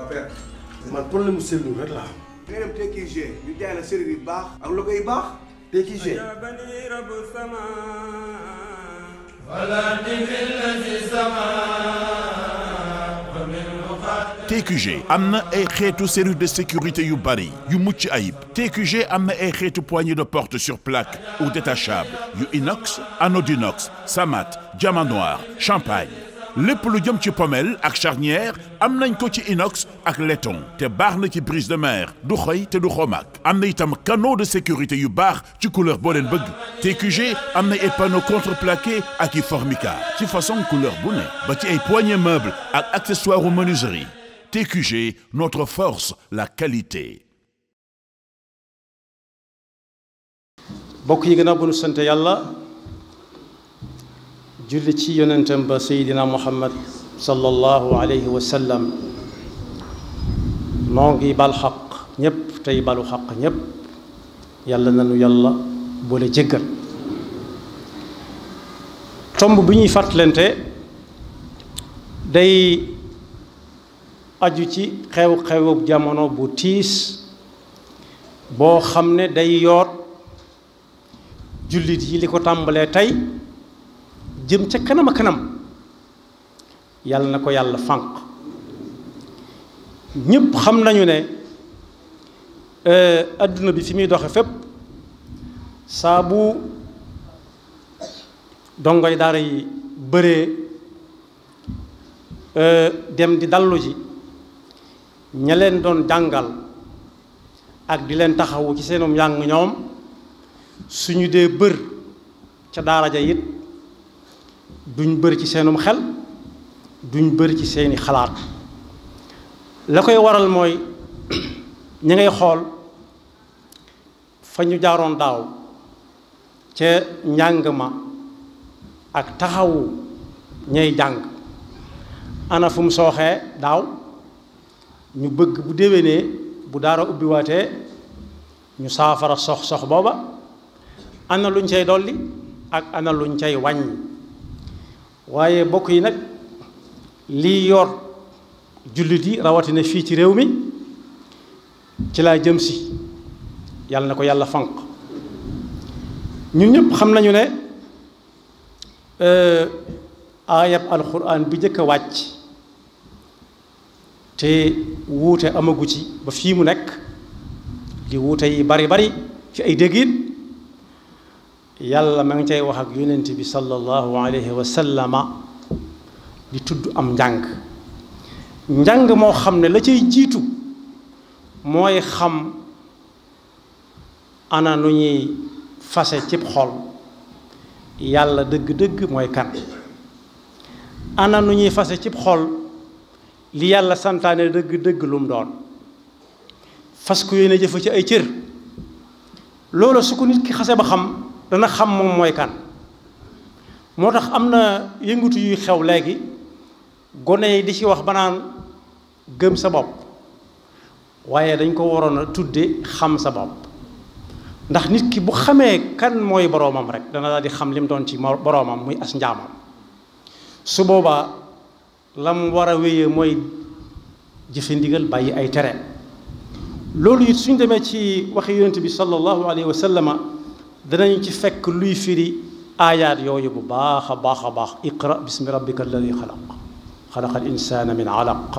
ba perte. man problème mu cellule rek am. na ay xeetu serrure de sécurité yu bari yu mucc ayib TQG am na ay xeetu poignée de porte sur plaque ou détachable yu inox anodinox samat diamant noir champagne. lépp lu jëm ci pommelle ak charnière am nañ ko ci inox ak leton te baax na ci brise de mer du xoy te du xomaag am na itam kano de sécurité yu baax ci couleur boo leen bëgg TQG am na ay panneau contreplaqué ak i formica ci fason couleur bu ba ci ay poignée meuble ak accessoire u menuiserie TQG notre force la qualité bokk yi sant yàlla julli ci yonentam ba seydina muhammad sallallahu alayhi wa sallam ngi bal xaq ñépp tey balu xaq ñépp yàlla nanu yàlla boole jéggal tomb bi ñuy fàttalante day aju ci xew-xewu jamono bu tiis boo xam ne day yoot jullit yi li ko tàmbalee tey jëm ca kanam kanam yàlla na ko yàlla fànq ñëpp xam nañu ne àdduna euh, bi fi muy doxe fépp saabu bu yi daara yi bëree euh, dem di dallu ji ña leen doon jàngal ak di leen taxawu ci seenu yàng ñoom suñu dee bër ca daara ja it duñ bëri ci seenum xel duñ bëri ci seeni xalaat la koy waral mooy ñi ngay xool fa ñu jaaroon daaw ca njàng ma ak taxawu ñay jàng ana fu sooxee daaw ñu bëgg bu déwénee bu daara ubbiwaatee ñu saafara sox sox booba ana luñ cay dolli ak ana luñ cay wañ waaye bokk yi nag lii yor jullit yi rawatina fii ci réew mi ci laa jëm si yàlla na ko yàlla fanq ñun ñëpp xam nañu ne euh, aayab alxuraan bi njëkk a wàcc te wuute amagu ci ba fii mu nekk li wuute yi bari bari ci ay déggin yàlla ma ngi cay wax ak yonent bi sallallahu alayhi wa sallama di tudd am njàng njàng moo xam ne la cay jiitu mooy xam ana nu ñuy fase cib xol yàlla dëgg-dëgg mooy kan ana nu ñuy fase cib xol li yàlla santaane dëgg-dëgg lu doon fas ku yéene jëfa ci ay cër loolu su ko nit ki xase ba xam dana xam moom mooy kan moo tax am na yëngutu yuy xew léegi gone yi di ci wax ba naan gëm sa bopp waaye dañ ko waroon a tudde xam sa bopp ndax nit ki bu xamee kan mooy boroomam rek dana daal di xam lim doon ci boroomam muy as njaamam su boobaa la mu war a wéyee mooy jëfe ndigal bàyyi ay tere loolu it suñ demee ci waxi yonent bi sallallahu alayhi wa sallama dinañ ci fekk luy firi aayaat yooyu bu baax a baax a baax iqra bismi rabbika alladi xalaq xalaqa al insana min alaq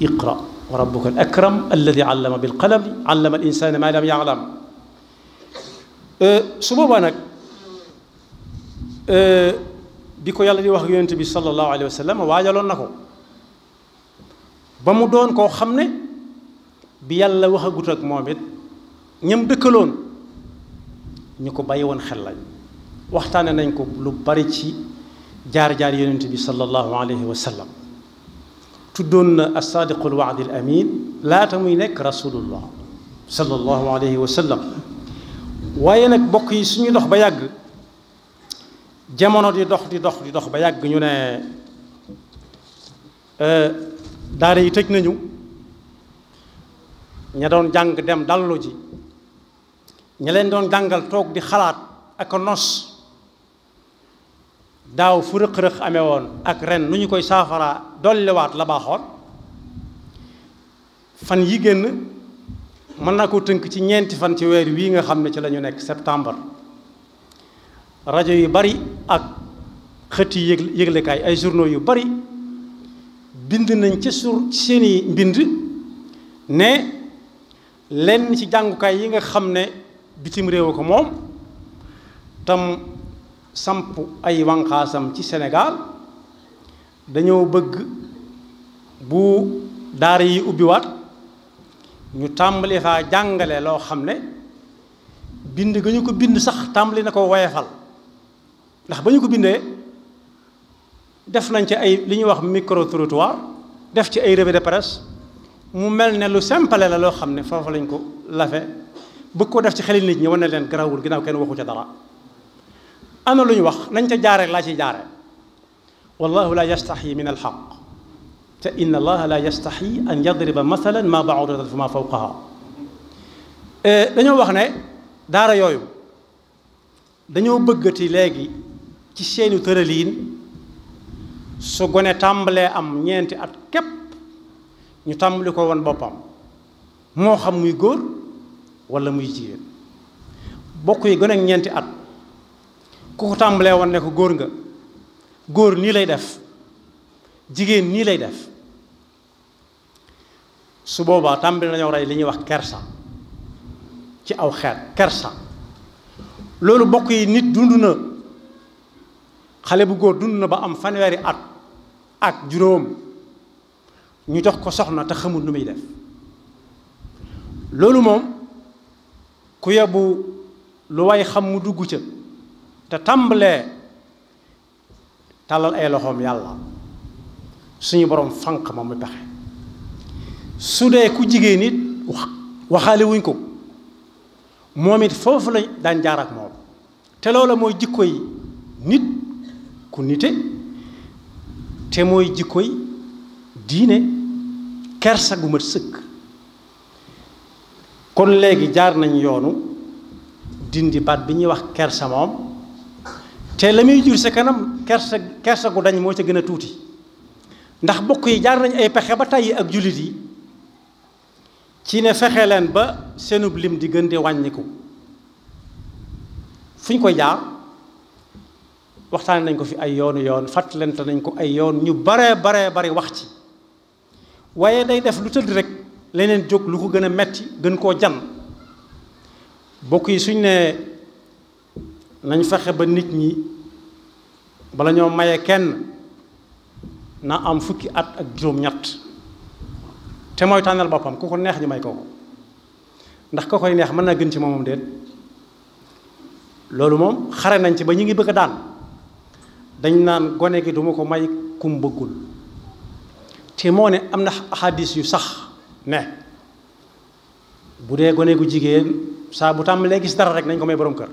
iqra wa rabbuka al akram alladi allama bil qalami allama al insana ma lam yaalam su boobaa nag bi ko yàlla di wax yonent bi sallallahu alayhi wa sallam waajaloon na ko ba mu doon koo xam ne bi yàlla waxagut ak moom it ñam dëkkaloon ñu ko bàyyi woon xel lañ waxtaane nañ ko lu bari ci jaar-jaar yonent bi sallallahu alayhi wa sallam tuddoon na as-saadiqul waadil laata muy nekk rasulullah sallallahu alayhi wa sallam waaye nag bokk yi suñu dox ba yàgg jamono di dox di dox di dox ba yàgg ñu ne euh, daara yi tëj nañu ña doon jàng dem dallu ji ña leen doon jàngal toog di xalaat ak nos daaw fu rëq-rëq amee woon ak ren lu ñu koy saafaraa dolliwaat la baaxoon fan yi génn mën na ko tënk ci ñeenti fan ci weer wii nga xam ne ci lañu nekk septembre rajo yu bari ak xëti yëg yëglekaay ay journaux yu bari bind nañ ca sur seeni mbind ne lenn ci jàngukaay yi nga xam ne bitim réew ko moom tam samp ay wànqaasam ci Sénégal dañoo bëgg bu daar yi ubbiwaat ñu tàmbali faa jàngale loo xam ne bind ga ñu ko bind sax tàmbali na ko woyefal ndax ba ñu ko bindee def nañ ci ay li ñuy wax micro trottoir def ci ay revue de presse mu mel ne lu simple la loo xam ne foofu lañ ko lafe bëgg ko def ci xeli nit ñi wane leen garawul ginnaaw kenn waxu ca dara ana lu ñu wax nañ ca jaare laa ciy jaare wallahu la yastaxi min alxaq te inna allaha la yastaxi an yadriba mathalan ma baudatan fa ma fawqaha dañoo wax ne daara yooyu dañoo bëggati léegi ci seenu tëraliin su gone tàmbalee am ñeenti at képp ñu tàmbali ko woon boppam moo xam muy góor wala muy jigéen bokk yi gone ak ñeenti at ku ko tàmbalee woon ne ko góor nga góor nii lay def jigéen nii lay def su boobaa tàmbali nañoo rey li ñuy wax kersa ci aw xeet kersa loolu bokk yi nit dund na xale bu góor dund na ba am fanweeri at ak juróom ñu jox ko soxna te xamul nu muy def loolu moom ku yebu lu way xam mu dugg ca te tàmbalee tàllal ay loxoom yàlla suñu borom fanq ma mu pexe su dee ku jigéen it wax waxaale wuñ ko moom it foofu la daan jaar ak moom te loola mooy jikko yi nit ku nite te mooy jikko yi diine kersa gu mat sëkk kon léegi jaar nañ yoonu dindi baat bi ñuy wax kersa moom te la muy jur sa kanam kersa kersa gu dañ moo ci gën a tuuti ndax bokk yi jaar nañ ay pexe ba tàyyi ak jullit yi ci ne fexe leen ba seenub lim di gën di wàññiku fu ñu ko jaar waxtaan nañ ko fi ay yoonu yoonu yoon fàttalante nañ ko ay yoon ñu bare bare bari wax ci waaye day def lu tëdd rek leneen jóg lu ko gën a metti gën koo jan bokk yi suñ nee nañ fexe ba nit ñi bala ñoo maye kenn na am fukki at ak juróom-ñett te mooy tànnal boppam ku ko neex ñu may ko ko ndax ko koy neex mën naa gën ci moomam déet loolu moom xare nañ ci ba ñu ngi bëgg a daan dañ naan gone gi duma ko may kum bëggul te moo ne am na ahadis yu sax mais bu dee gone gu jigéen saa bu tàmbalee gis dara rek nañ ko may borom kër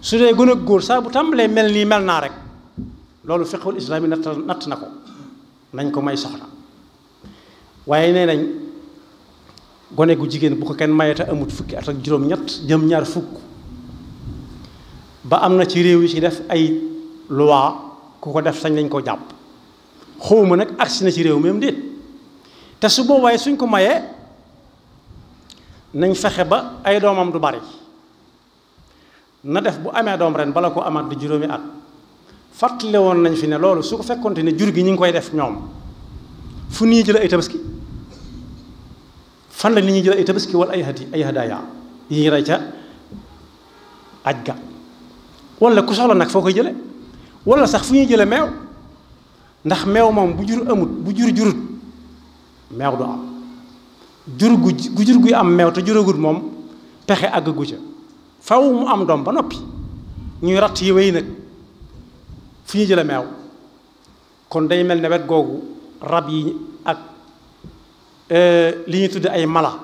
su dee gune gu góor saa bu tàmbalee mel nii mel naa rek loolu fiqhul islaami natt natt na ko nañ ko may soxna waaye nee nañ gone gu jigéen bu ko kenn mayata amut fukki at ak juróom-ñett jëm ñaar fukk ba am na ci réew yi ci def ay loi ku ko def sañ lañ ko jàpp xawma nag agsi na ci réew même déet te su boobaay suñ ko mayee nañ fexe ba ay doomam du bari na def bu amee doom ren bala ko amaat di juróomi at fàttale woon nañ fi ne loolu su ko fekkonte ne jur gi ñu ngi koy def ñoom fu nii jël ay tabaski fan la nit ñi jël ay tabaski wala ay hadi ay hadaya yi ray ca aj ga wala ku soxla nag foo koy jële walla sax fu ñuy jële meew ndax meew moom bu jur amut bu jur jurut meew du am jur gu jur guy am meew te juragut moom pexe àggagu ca faw mu am doom ba noppi ñuy ratt yi wéy nag fu ñuy jële meew kon day mel ne wet googu rab yi ak euh, li ñu tudde ay mala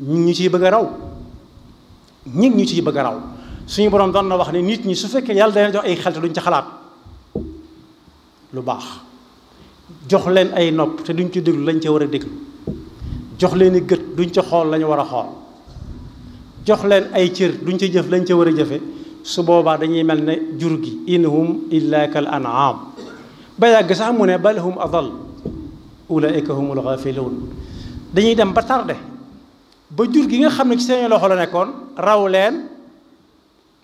ñun ñu ciy bëgg a raw ñun ñu ciy bëgg a raw suñu borom doon na wax ne nit ñi su fekkee yàlla dana jox ay xel te duñ ca xalaat lu baax jox leen ay nopp te duñ ci déglu lañ ca war a déglu jox leen i gët duñ ca xool lañu war a xool jox leen ay cër duñ ca jëf lañ ca war a jëfe su boobaa dañuy mel ne jur gi in hum illa kal an'am ba yàgg sax mu ne bal hum adal ulaika humul ghafiluun dañuy dem ba tardé ba jur gi nga xam ne ci seen loxo la nekkoon raw leen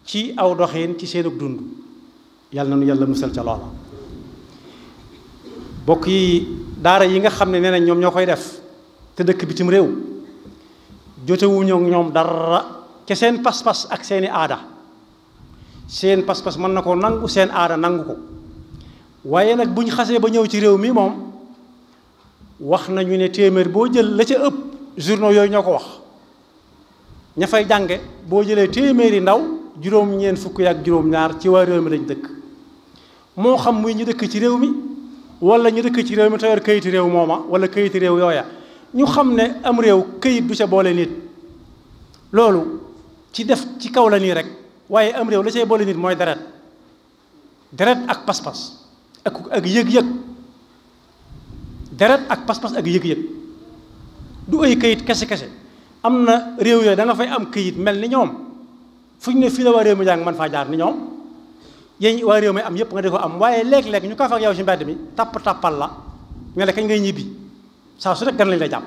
ci aw doxin ci seenug dund yàlla na nu yàlla musal ca loola bokk yi daara yi nga xam ne nee nañ ñoom ñoo koy def te dëkk bitim réew jotewuñoo ñoom dara ca seen pas-pas ak seeni aada seen pas-pas mën na ko nangu seen aada nangu ko waaye nag bu xasee ba ñëw ci réew mi moom wax nañu ne téeméer boo jël la ci ëpp journaux yooyu ñoo ko wax ña fay jànge boo jëlee téeméeri ndaw juróom-ñeent fukk ak juróom-ñaar ci waa réew mi lañ dëkk moo xam muy ñu dëkk ci réew mi wala ñu dëkk ci réew mi tayor këyiti réew mooma wala këyiti réew yooya ñu xam ne am réew këyit du ca boole nit loolu ci def ci kaw la nii rek waaye am réew la cay boole nit mooy deret deret ak pas-pas ak ak yëg-yëg deret ak pas-pas ak yëg-yëg du ay këyit kese-kese am na réew yooyu da fay am këyit mel ni ñoom fu ñu ne fii la waa réew mi jàng mën faa jaar ni ñoom yéen waa réew mi am yëpp nga di ko am waaye léeg-léeg ñu kaa ak yow ci mbedd mi tapp tappal la nga ne kañ ngay ñibbi saa su rek gan lañ la jàpp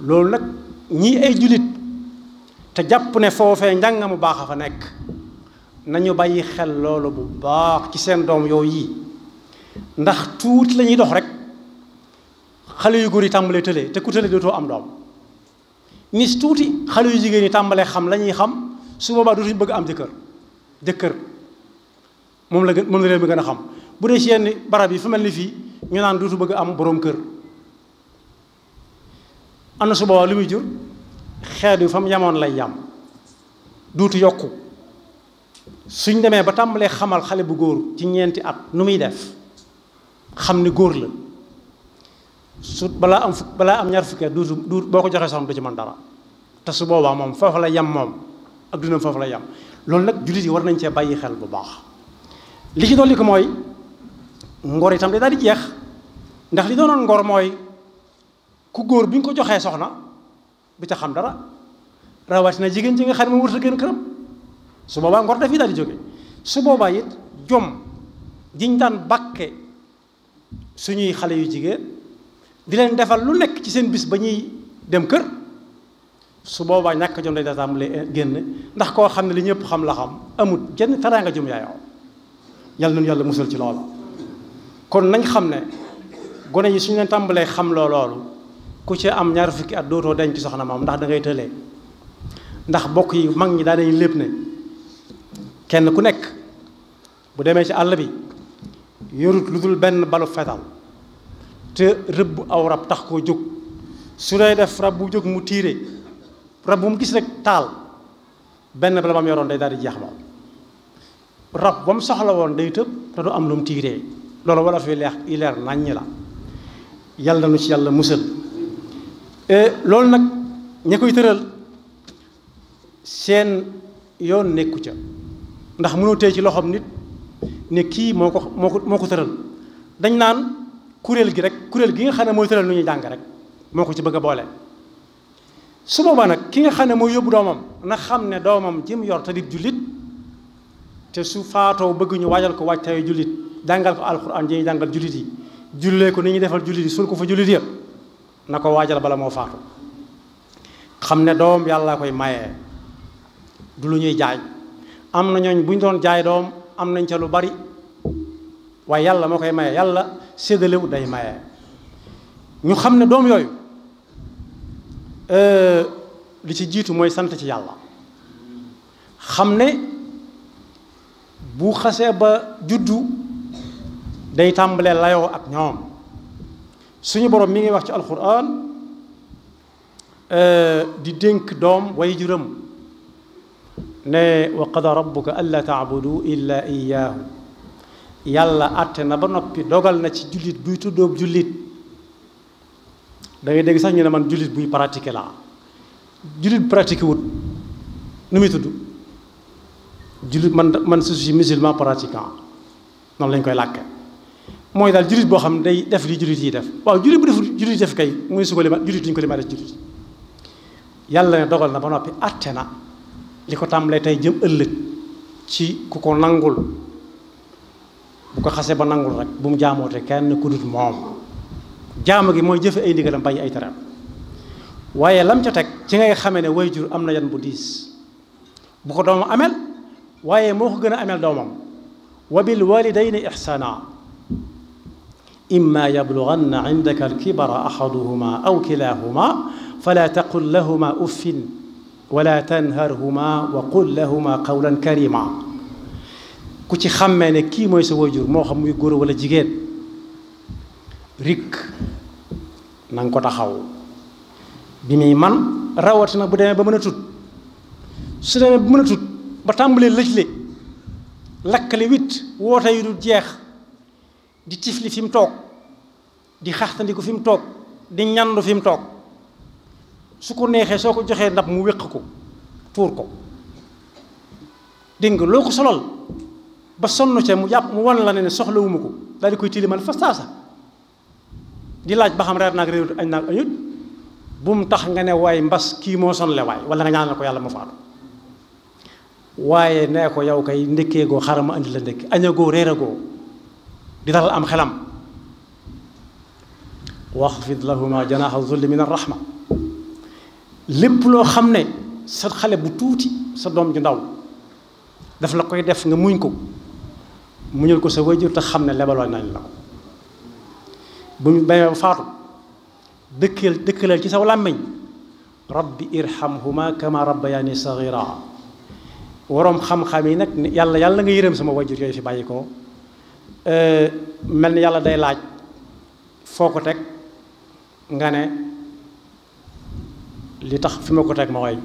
loolu nag ñii ay julit te jàpp ne foofee njàng mu baax a fa nekk nañu bàyyi xel loolu bu baax ci seen doom yow yi ndax tuuti la ñuy dox rek xale yu góor yi tàmbalee tële te ku tële dootoo am doom nis tuuti xale yu jigéen yi tàmbalee xam lañuy xam su boobaa dootuñu bëgg am jëkkër jëkkër moom la gën moom la réew mi gën a xam bu dee ci yenn barab yi fu mel ni fii ñu naan dootu bëgg am boroom kër am na su lu muy jur xeet yi fa mu yamoon lay yam duutu yokk suñ demee ba tàmbalee xamal xale bu góor ci ñeenti at nu muy def xam ni góor la su balaa am fukk balaa am ñaar fukki duutu duut boo ko joxee soxna du ci man dara te su boobaa moom foofu la yam moom ak dundam foofu lay yam loolu nag jullit yi war nañ cee bàyyi xel bu baax li ci dolli ko mooy ngor itam day daal di jeex ndax li doonoon ngor mooy ku góor bi ñu ko joxee soxna bi ca xam dara na jigéen ji nga xam ne moom wërta gën këram su boobaa ngor dafii daal di jóge su boobaa it jom jiñ daan bàkke suñuy xale yu jigéen di leen defal lu nekk ci seen bis ba ñuy dem kër su boobaa ñàkk jom day daa tàmbalee eh, génn ndax koo xam ne li ñëpp xam la xam amut jenn teraanga jum yaayoo yàlla nun yàlla musal ci loolu kon nañ xam ne gone yi suñu leen tàmbalee xam loo loolu ku ci am ñaar fukki at dootoo denc ci soxna maam ndax da ngay tëlee ndax bokk yi mag ñi daa dañu lépp ne kenn ku nekk bu demee ci àll bi yorut lu dul benn balu fetal te rëbb aw rab tax koo jóg su lay def rab bu jóg mu tiire rab bu mu gis rek taal benn ba la bam yoroon day daal di jeex moom rab ba mu soxla woon day tëb te du am lu mu tiiree loolu wala fi leex i leer naññ la yàlla nu ci yàlla musal e, loolu nag ña koy tëral seen yoon nekku ca ndax mënoo tey ci loxoom nit ne kii moo ko moo ko moo ko tëral dañ naan kuréel gi rek kuréel gi nga xam ne mooy tëral nu ñuy jàng rek moo ko ci bëgg a boole su boobaa nag ki nga xam ne mooy yóbbu doomam na xam ne doomam jëm yor te di jullit te su faatoo bëgguñu waajal ko waajtaayu jullit jàngal ko alxuraan ji jàngal jullit yi jullee ko ni ñuy defal jullit yi sul ko fa jullit yëpp na ko waajal bala moo faatu xam ne doom yàlla koy maye du lu ñuy jaay am na ñooñ bu ñu doon jaay doom am nañ ca lu bari waaye yàlla moo koy maye yàlla séddalewu day maye ñu xam ne doom yooyu Euh, li ci jiitu mooy sant ci yàlla xam ne bu xasee ba juddu day tàmbalee layoo ak ñoom suñu boroom mi ngi wax ci alxuraan euh, di dénk doom way juram ne wa qada rabbuka alla taabudu illa iyaahu yàlla àtte na ba noppi dogal na ci jullit buy tuddoob jullit da ngay dégg sax ñu ne man jullit buy pratiquer laa jullit pratiquer wut nu muy tudd jullit man man je suis musulman pratiquant noonu lañ koy làkke mooy daal jullit boo xam day def li jullit yi def waaw jullit bu def jullit def kay muy su ko lima jullit duñ ko yàlla ne dogal na ba noppi atte na li ko tàmbalee tey jëm ëllëg ci ku ko nangul bu ko xasee ba nangul rek bu mu jaamoote kenn ku moom jaamu gi mooy jëfe ay ndigalam bàyyi ay teraam waaye lam ca teg ci ngay xamee ne way jur am na yan bu diis bu ko doomam amel waaye moo ko gën a amel doomam wa bil walidayni ixsaana imma yablughanna indaka alkibara ahaduhuma aw kilahuma fala taqul lahuma uffin wala tanharhuma wa qul ne kii mooy sa wayjur moo xam wala jigéen rikk na ko taxaw bi muy man rawatina bu demee ba mën a tut su demee ba mën a tut ba tàmbalee lëjle lakkale wit woote yu dul jeex di tifli fi mu toog di xaxtandiku fi mu toog di ñandu fi mu toog su ko neexee soo ko joxee ndab mu wéq ko tuur ko dégg nga loo ko solal ba sonn ca mu jàpp mu wan la ne ne soxlawuma ko daal di koy tilimal fa di laaj ba xam reer naag réerut añ naag añut bu mu tax nga ne waay mbas kii moo sonle waay wala nga ñaanal ko yàlla mu faatu waaye nee ko yow kay ndékkee goo xaram ma andi la ndékki añagoo réeragoo di dalal am xelam wax waxfid lahuma janaaxa zulli min arrahma lépp loo xam ne sa xale bu tuuti sa doom ju ndaw daf la koy def nga muñ ko muñal ko sa wajur te xam ne lebaloo nañ la ko bu ñu bayee faatu dëkkal dëkkalal ci saw làmmiñ rabbi irhamhuma kama rabbayani saghira waroom xam-xam yi nag yàlla yàlla nga yërëm sama wajur yooyu fi bàyyi ko mel ni yàlla day laaj foo ko teg nga ne li tax fi ma ko teg ma way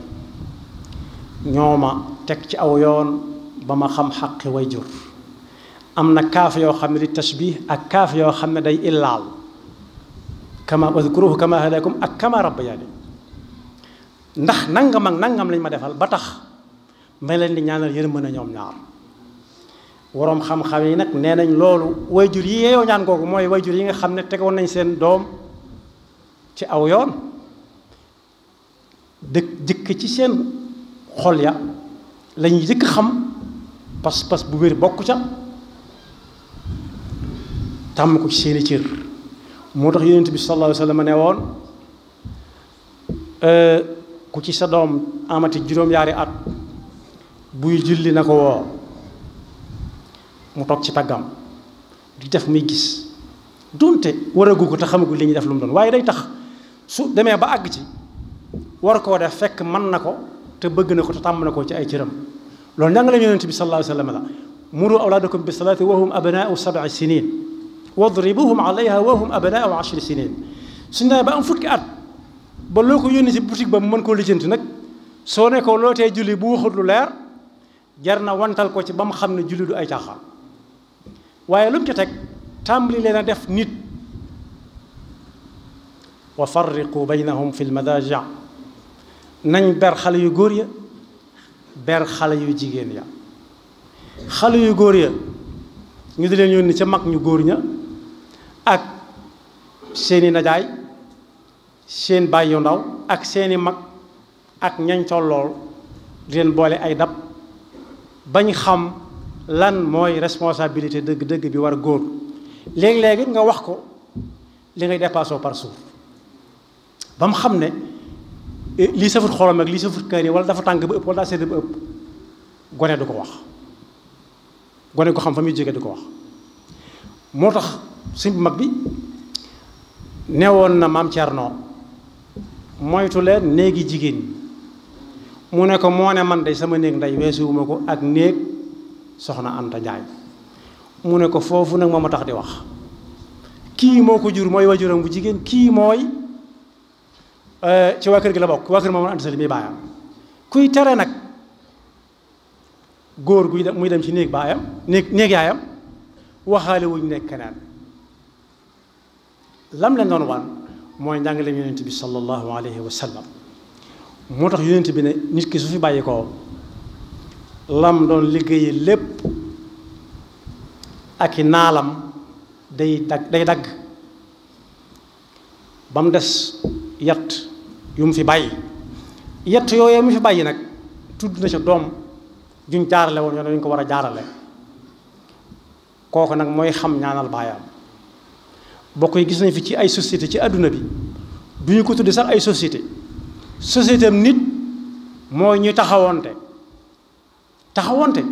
ñoo ma teg ci aw yoon ba ma xam xaqi wayjur am na kaaf yoo xam ne di tashbih ak kaaf yoo xam ne day illaal kama uzkuruhu kama hadakum ak kama rabbayaani ndax nangam ak nangam lañ ma defal ba tax ma leen di ñaanal a ñoom ñaar waroom xam-xam yi nag nee nañ loolu wayjur yi yeeyoo ñaan googu mooy wayjur yi nga xam ne tegoon nañ seen doom ci aw yoon dëkk jëkk ci seen xol ya lañuy jëkk xam pas-pas bu wér bokk ca tàmm ko ci seeni cër moo tax yonent bi sallallahu alayhi wa ne woon euh, ku ci sa doom amati juróom-yaari at buy julli na ko woo mu toog ci taggam di def muy gis donte waragu ko te xamagu li ñuy def lu mu doon waaye day tax su demee ba àgg ci war koo def fekk man na ko te bëgg na ko te tàmm na ko ci ay cëram loolu njàngale yonent bi sallallahu alayhi la sallam la muru awlaadakum bi salaati wa hum abnaau sab'i sinin wadribuhum alayha wahum abnaau ashri sinin suñ demee ba am fukki at ba loo ko yónni si boutique ba mu mën koo lijjanti nag soo nekkoo ko loo tee julli bu waxut lu leer jar na wantal ko ci ba mu xam ne julli du ay caaxaan waaye lu mu ca teg tàmbali leen a def nit wa farriqu baynahum fi lmadaji nañ ber xale yu góor ya ber xale yu jigéen ya xale yu góor ya ñu di leen yónni ca mag ñu góor ña seeni najaay seen bàyyi yu ak seeni mag ak ñañ tollool di leen boole ay dab bañ xam lan mooy responsabilité dëgg-dëgg bi war góor léegi-léegi nga wax ko li ngay dépassé par suuf ba mu xam ne eh, lii safut xorom ak lii safut kaani wala dafa tàng ba ëpp wala daa sedd ba ëpp gone du ko wax gone ko xam fa muy jóge du ko wax moo tax suñ mag bi newoon na maam Cerno moytu leen néegi jigéen mu ne ko moo ne man day sama néeg nday weesuwuma ko ak néeg soxna Anta Njaay mu ne ko foofu nag moom a tax di wax kii moo ko jur mooy wajuram bu jigéen kii mooy eh, ci waa kër gi la bokk waa kër moom Anta Sali mi baayam kuy tare nag góor guy dem muy dem ci néeg baayam néeg néeg yaayam waxaale wuñ nekk keneen lam leen doon wan mooy njàngaleem yonent bi sallallahu alayhi wa moo tax yonent bi ne nit ki su fi bàyyi ko lam doon liggéeyi lépp ak i naalam day dagg day dagg ba mu des yat yu mu fi bàyyi yett yooyu mu fi bàyyi nag tudd na ca doom juñ jaarale woon yoon ñu ko war a jaarale kooku nag mooy xam ñaanal baayam bokk yi gis nañ fi ci ay société ci àdduna bi du ñu ko tudde sax ay société société nit mooy ñu taxawonte taxawante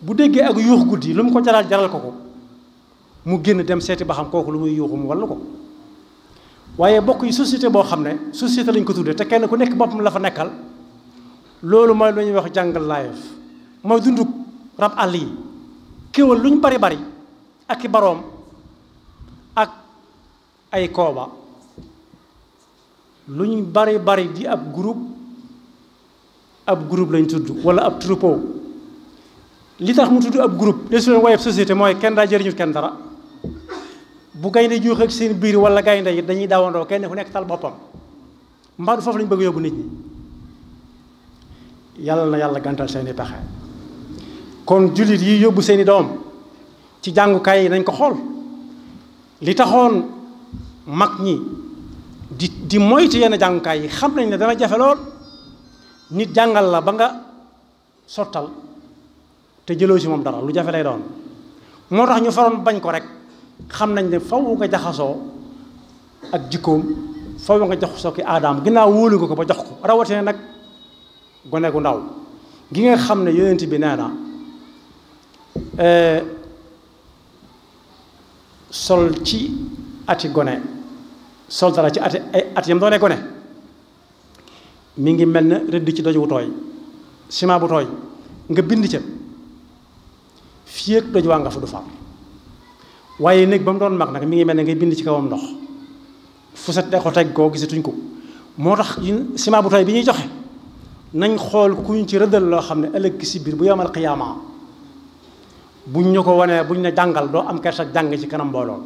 bu déggee ak yuux guddi lu mu ko jaral jaral ko ko mu génn dem seeti ba xam kooku lu muy yuuxu mu wallu ko waaye bokk yi société boo xam ne société lañ ko tuddee te kenn ku nekk boppam la fa nekkal loolu mooy lu ñuy wax jungle life mooy dunduk rab àll yi kéwal lu ñu bari bari ak i baroom ay kooba lu ñu bari bari di ab groupe ab groupe lañ tudd wala ab troupeau li tax mu tudd ab groupe de su leen woyeb société mooy kenn daal jëriñut kenn dara bu gaynde juux ak seen biir wala gaynde yi dañuy daawandoo kenn ku nekk tal boppam mbaa du foofu lañ bëgg yóbbu nit ñi yàlla na yàlla gàntal seeni pexe kon jullit yi yóbbu seeni doom ci jàngukaay yi nañ ko xool li taxoon mag ñi di di moytu yenn jàngukaay yi xam nañ ne dana jafe lool nit jàngal la ba nga sottal te jëloo ci moom dara lu jafe lay doon moo tax ñu faroon bañ ko rek xam nañ ne faw nga jaxasoo ak jikkoom faw nga jox soo ki aadaam ginnaaw wóolu ko ko ba jox ko rawatina nag gone gu ndaw gi nga xam ne yonent bi nee na eh, sol ci ati gone sol ci ati ay eh, at yam doonee gone mi ngi mel na rëdd ci doj wu tooy ciment bu tooy nga bind ca fii ak doj waa nga fa du faam waaye néeg ba mu doon mag nag mi ngi mel ne ngay bind ci kawam ndox fu sa ko teg koo gisatuñ ko moo tax ciment bu tooy bi ñuy joxe nañ xool kuñ ci rëddal loo xam ne ëllëg si biir bu yomal xiyaama buñ ñu ko wanee buñ ne jàngal doo am kersa jàng ci kanam mbooloo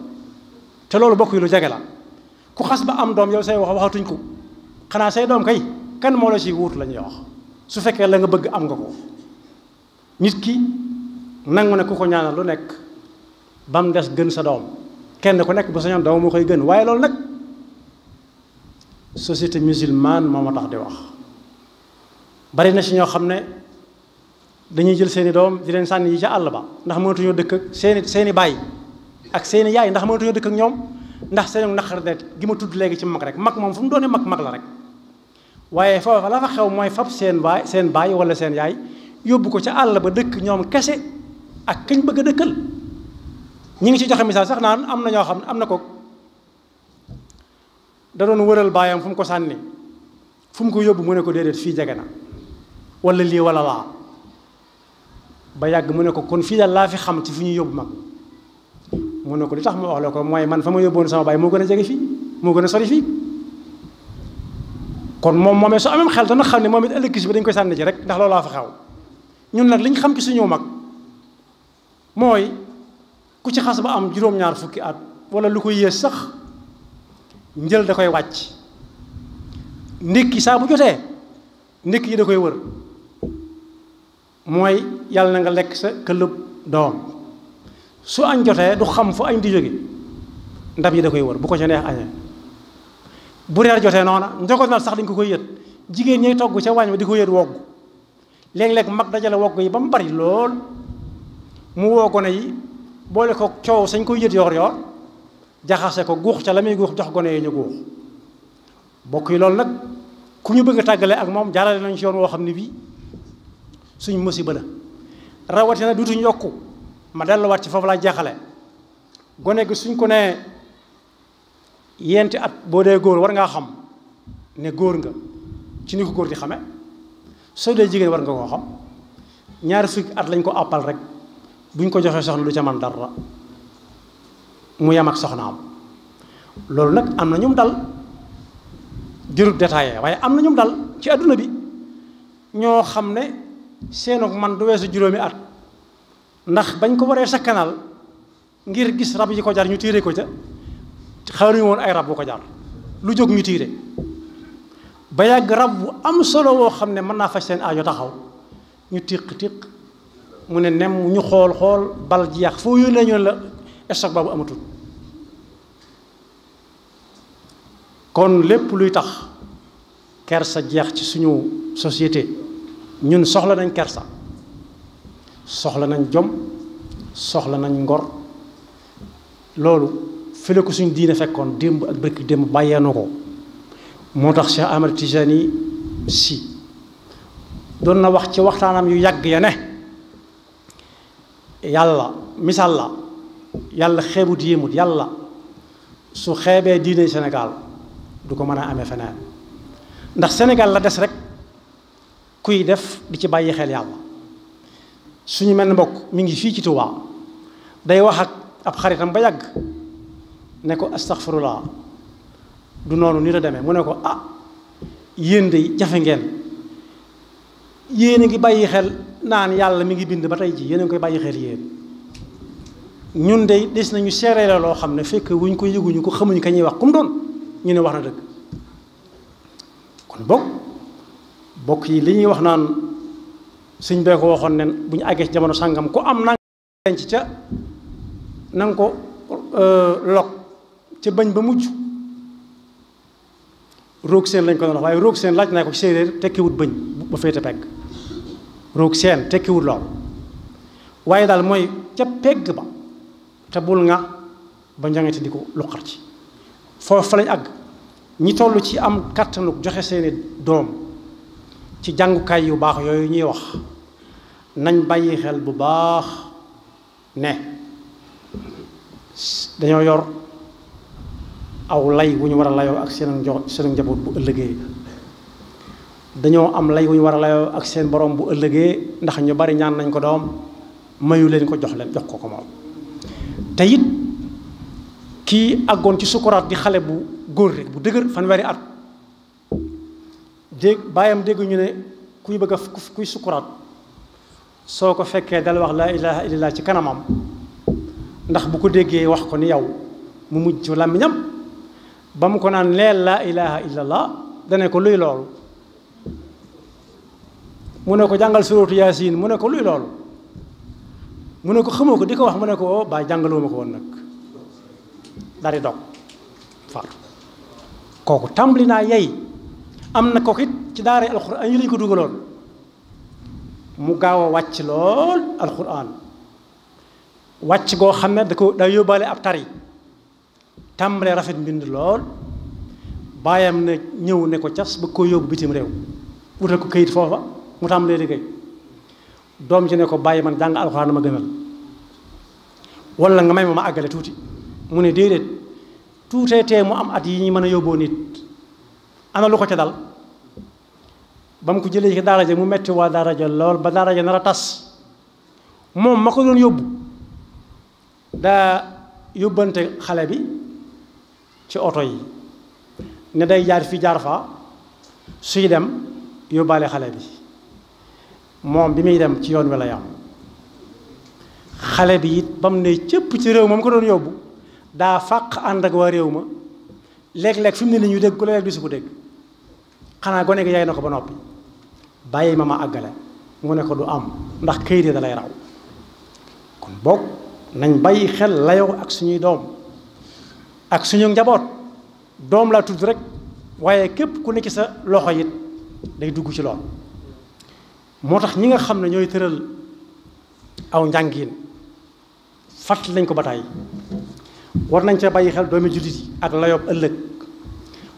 te loolu bokk yi lu jege la ku xas ba am doom yow say wax waxatuñ ko xanaa say doom kay kan moo la si wuut lañuy wax su fekkee la nga bëgg am nga ko nit ki nangu ne ku ko ñaanal lu nekk ba mu des gën sa doom kenn ku nekk ba sa ñoom doom moo koy gën waaye loolu nag société musulmane moo ma tax di wax bari na si ñoo xam ne dañuy jël seeni doom di leen sànni yi ca àll ba ndax mënatuñoo dëkk ak seeni seeni bàyyi ak seeni yaay ndax mënatuñoo dëkk ak ñoom ndax seen naqar gi ma tudd léegi ci mag rek mag moom fu mu doone mag mag la rek waaye xew mooy fab seen baay seen baay wala seen yaay yóbbu ko ca àll ba dëkk ñoom kese ak kañ bëgg a dëkkal ngi ci joxe misaal naan am na ñoo xam ne am na ko da doon wëral baayam fu mu ko sànni fu mu ko yóbbu mu ne ko déedéet fii jege na wala lii wala laa ba yàgg mu ne ko kon fii daal laa fi xam ci fu ñu yóbbu mag mu ne ko li tax ma wax la ko mooy man fa ma yóbboon sama baay moo gën a jege fii moo gën a sori fii kon moom moomee su amee xel dana xam ne moom it ëllëg si bi dañ koy sànni ci rek ndax loolaa fa xaw ñun nag liñ xam ci suñu mag mooy ku ci xas ba am juróom-ñaar fukki at wala lu ko yées sax njël da koy wàcc ndékki saa bu jotee ndékki yi da koy wër mooy yàlla na nga lekk sa këllëb doom su añ jotee du xam fu añ di jóge ndab yi da koy wër bu ko ci neex añee bu reer jotee noona njogonal sax dañ ko koy yët jigéen ñay togg ca waañ ba di ko yët wogg léeg lekk mag dajale wogg yi ba mu bari lool mu woo gone yi boole ko coow sañ koy yët yoor yoor jaxase ko guux ca la muy guux jox gone yi ñu guux bokk yi loolu nag ku ñu bëgg a tàggale ak moom jaarale nañ ci yoon woo xam ne bii suñ musiba la rawatina dutuñ yokku ma delluwaat ci foofu laa jeexale gone gi suñ ko nee yenti at boo dee góor war ngaa xam ne góor nga ci ni ko góor di xame soo dee jigéen war nga koo xam ñaari fukki at lañ ko àppal rek buñ ko joxee soxna lu ca man dara mu yem ak soxnaam loolu nag am na ñum dal jërut détaillé waaye am na ñum dal ci àdduna bi ñoo xam ne seenug man du weesu juróomi at ndax bañ ko waree sakkanal ngir gis rab yi ko jar ñu tiire ko ca xaaruñu woon ay rab bu ko jar lu jóg ñu tiire ba yàgg rab bu am solo woo xam ne mën naa faj seen aajo taxaw ñu tiq tiq mu ne nem ñu xool xool bal jeex foo yónnee ñu la stock boobu amatul kon lépp luy tax kersa jeex ci suñu société ñun soxla nañ kersa soxla nañ jom soxla nañ ngor loolu file ko suñu diine fekkoon démb ak bëkk démb bàyyee ko moo tax Cheikh Ahmad Tijani si doon na wax ci waxtaanam yu yàgg ya ne yàlla misaal la yàlla xeebut yéemut yàlla su xeebee diine Sénégal du ko mën a amee feneen ndax Sénégal la des rek kuy def di ci bàyyi xel yàlla suñu mel ne mbokk mu ngi fii ci Tuubaa day wax ak ab xaritam ba yàgg ne ko astaxfirullah du noonu ni la demee mu ne ko ah yéen de jafe ngeen yéen a ngi bàyyi xel naan yàlla mi ngi bind ba tey jii yéen a ngi koy bàyyi xel yéen ñun de des nañu seeree la loo xam ne fekk wuñ ko yëguñu ko xamuñu ka ñuy wax kum doon ñu ne wax na dëgg kon bokk bokk yi li ñuy wax naan sëñ bee ko waxoon nen bu ñu àggee ci jamono sàngam ku am nanga denc ca nanga nga ko e, lok ca bañ ba mujj roog seen lañ ko doon wax waaye roog seen laaj naa ko séeréer tekkiwut bañ ba féete pegg roog seen tekkiwut lool waaye daal mooy ca pegg ba te bul nga ba njangate di ko luqar ci foofu fa lañ àgg ñi toll ci am kàttanuk joxe seeni doom ci jàngukaay yu baax yooyu ñuy wax nañ bàyyi xel bu baax ne dañoo yor aw lay wu ñu war a layoo ak seen seen njaboot bu ëllëgee dañoo am lay wu ñu war a ak seen borom bu ëllëgee ndax ñu bari ñaan nañ ko doom mayu leen ko jox leen jox ko ko moom te it kii àggoon ci sukuraat di xale bu góor rek bu dëgër fanweeri at dégg bàyyam dégg ñu ne kuy bëgg a kuy sukuraat soo ko fekkee dal wax laa ilaha illallah ci kanamam ndax bu ko déggee wax ko ni yow mu mujj làmmiñam ba mu ko naan leel laa ilaha illallah dane ko luy loolu mu ne ko jàngal suratu yaasin mu ne ko luy loolu mu ne ko xamoo ko di ko wax mu ne ko oh, ba jàngaloo ma ko woon nag dari dog far kooku tàmbali naa yey am na ko it ci daara alxuraan yi lañ ko dugaloon mu gaaw a wàcc lool alxuraan wàcc goo xam ne da ko daa yóbbaale ab tari tàmbalee rafet mbind lool baayam ne ñëw ne ko cas ba ko yóbbu bitim réew wutal ko këyit foofa mu tàmbalee liggéey doom ji ne ko bàyyi man jàng alxuraan ma gënal wala nga may ma ma àggale tuuti mu ne déedéet tuutee tee mu am at yi ñu mën a yóbboo nit ana lu ko ca dal ba mu ko jëlee ci daara mu metti waa daara lool ba daara ja nar tas moom ma ko doon yóbbu daa yóbbante xale bi ci oto yi ne day jaar fii jaar fa suy dem yóbbaale xale bi moom bi muy dem ci yoon wi la yam xale bi it ba mu ne cëpp ci réew ma mu ko doon yóbbu daa fàq ànd ak waa réew ma léeg-léeg fi mu ne ni ñu dégg ku léeg-léeg du si ko dégg xanaa gone gi yaay na ko ba noppi bàyyi ma ma àggale mu ne ko du am ndax këyite da lay raw kon boog nañ bàyyi xel layoo ak suñuy doom ak suñu njaboot doom laa tudd rek waaye képp ku ne ci sa loxo yit day dugg ci lool moo tax ñi nga xam ne ñooy tëral aw njàngiin fàttali nañ ko ba tàyyi war nañ ca bàyyi xel doomi jullit yi ak layob ëllëg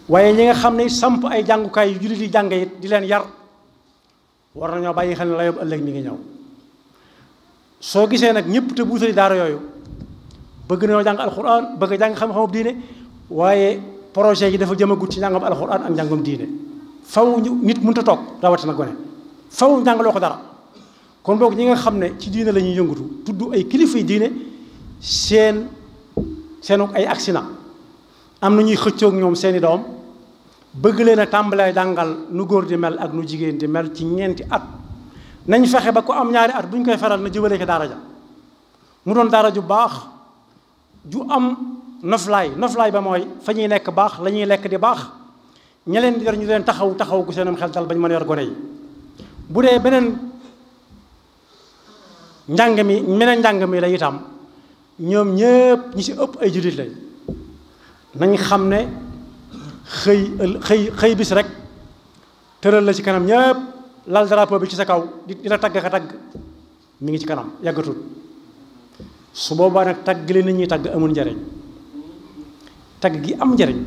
waaye ñi nga xam ne samp ay jàngukaay yu jullit yi jàng yit di leen yar war nañoo bàyyi xel ne la yóbbu ëllëg mi ngi ñëw soo gisee nag ñëpp te buutali daara yooyu bëgg nañoo jàng bëgg jàng xam-xamub waaye projet yi dafa jëmagut ci njàngam alxuraan ak njàngam diine faw ñu nit mënut a toog rawatina gone faw njàngaloo ko dara kon boog ñi nga xam ne ci diine la ñuy yëngatu tudd ay kilifa yi diine seen seen ay accident am na ñuy xëccook ñoom seeni doom bëgg leen a tàmbalee jàngal nu góor di mel ak nu jigéen di mel ci ñeenti at nañ fexe ba ko am ñaari at bu ñu koy faral na jëbalee ko daara ja mu doon daara ju baax ju am noflaay noflaay ba mooy fa ñuy nekk baax la ñuy lekk di baax ña leen yor ñu leen taxaw taxaw ku seenam xel dal ba ñu mën a yor gone yi bu dee beneen njàng mi beneen njàng mi la itam ñoom ñëpp ñi ci ëpp ay jullit lañ nañ xam ne xëy xëy xëy bis rek tëral la ci kanam ñëpp lal drapeau bi ci sa kaw di di la tagg ka tagg mu ngi ci kanam yàggatul su boobaa nag tagg li nit ñuy tagg amul njariñ tagg gi am njariñ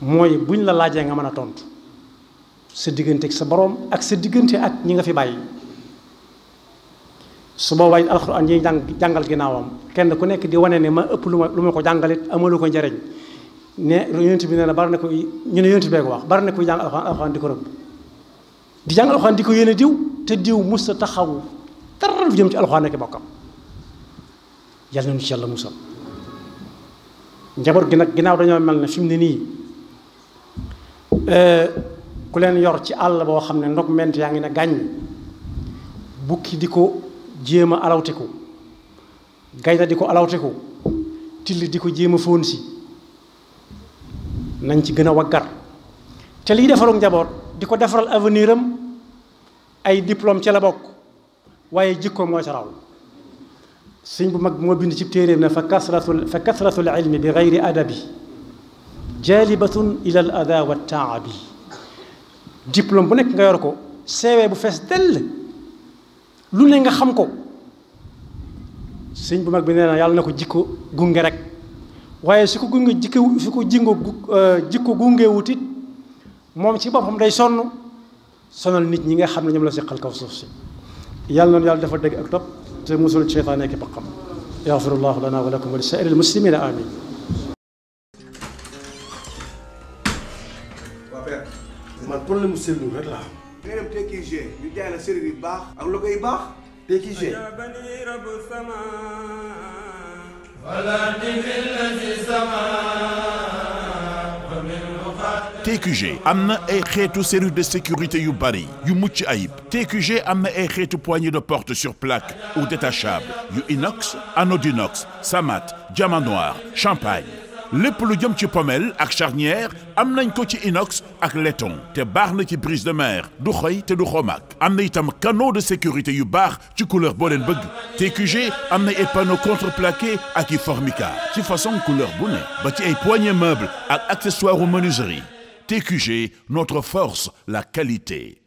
mooy buñ la laajee nga mën a tontu sa diggante sa boroom ak sa diggante ak ñi nga fi bàyyi su boobaa it alxuraan yi jàng jàngal ginnaawam kenn ku nekk di wane ne ma ëpp lu ma lu ma ko jàngalit amalu ko njariñ ne yonent bi nee na bari na ko ñu ne yonent bee ko wax bari na ko jàng alxuraan alxuraan di ko rëbb di jàng alxuraan di ko yéene diw te diw mus a taxaw dara jëm ci alxuraan ak bokkam yàlla nañu ci yàlla njaboot gi nag ginnaaw dañoo mel ne fi ne nii eh, ku leen yor ci àll boo xam ne ndog ment yaa ngi ne gàññ bukki di ko jéem a alawtiku gaynde di ko alawtiku till di ko jéem a fóon si nañ ci gën a waggar te lii defaru njaboot di ko defaral avenir am ay diplom ca la bokk waaye jikko moo ca raw sëñ bu mag moo bind ci téeréem ne fa kasratul fa kasratul ilmi bi gayri adabi jalibatun ila bu nekk nga yor ko CV bu fees dell lu ne nga xam ko sëñ bu mag bi nee na yàlla na ko jikko gunge rek waaye su ko gunge jikki su ko jingo euh, jikko gunge wutit moom ci boppam day sonn sonal nit ñi nga xam ne ñoom la seqal kaw suuf si yàlla noonu yàlla dafa dégg ak topp te musul seytaane ki paqam yaxfirullahu lana wa lakum wa li saa'iril muslimina amin man problème mu sëriñ rek laa baax. ak lu koy baax. TQG. TQG am na ay xeetu service de sécurité yu bari yu mucc ayib TQG am na ay xeetu poignée de porte sur plaque ou détachable yu inox anodinox samat diamant noir champagne lépp lu jëm ci pommelle ak charnière am nañ ko ci inox ak laiton te baax na ci brise de mer du xoy te du xomaak am na itam canot de sécurité yu baax ci couleur boo leen bëgg TQG am na ay panneau contreplaqué ak i formica ci façon couleur bu ba ci ay poignée meuble ak accessoire menuiserie TQG notre force la qualité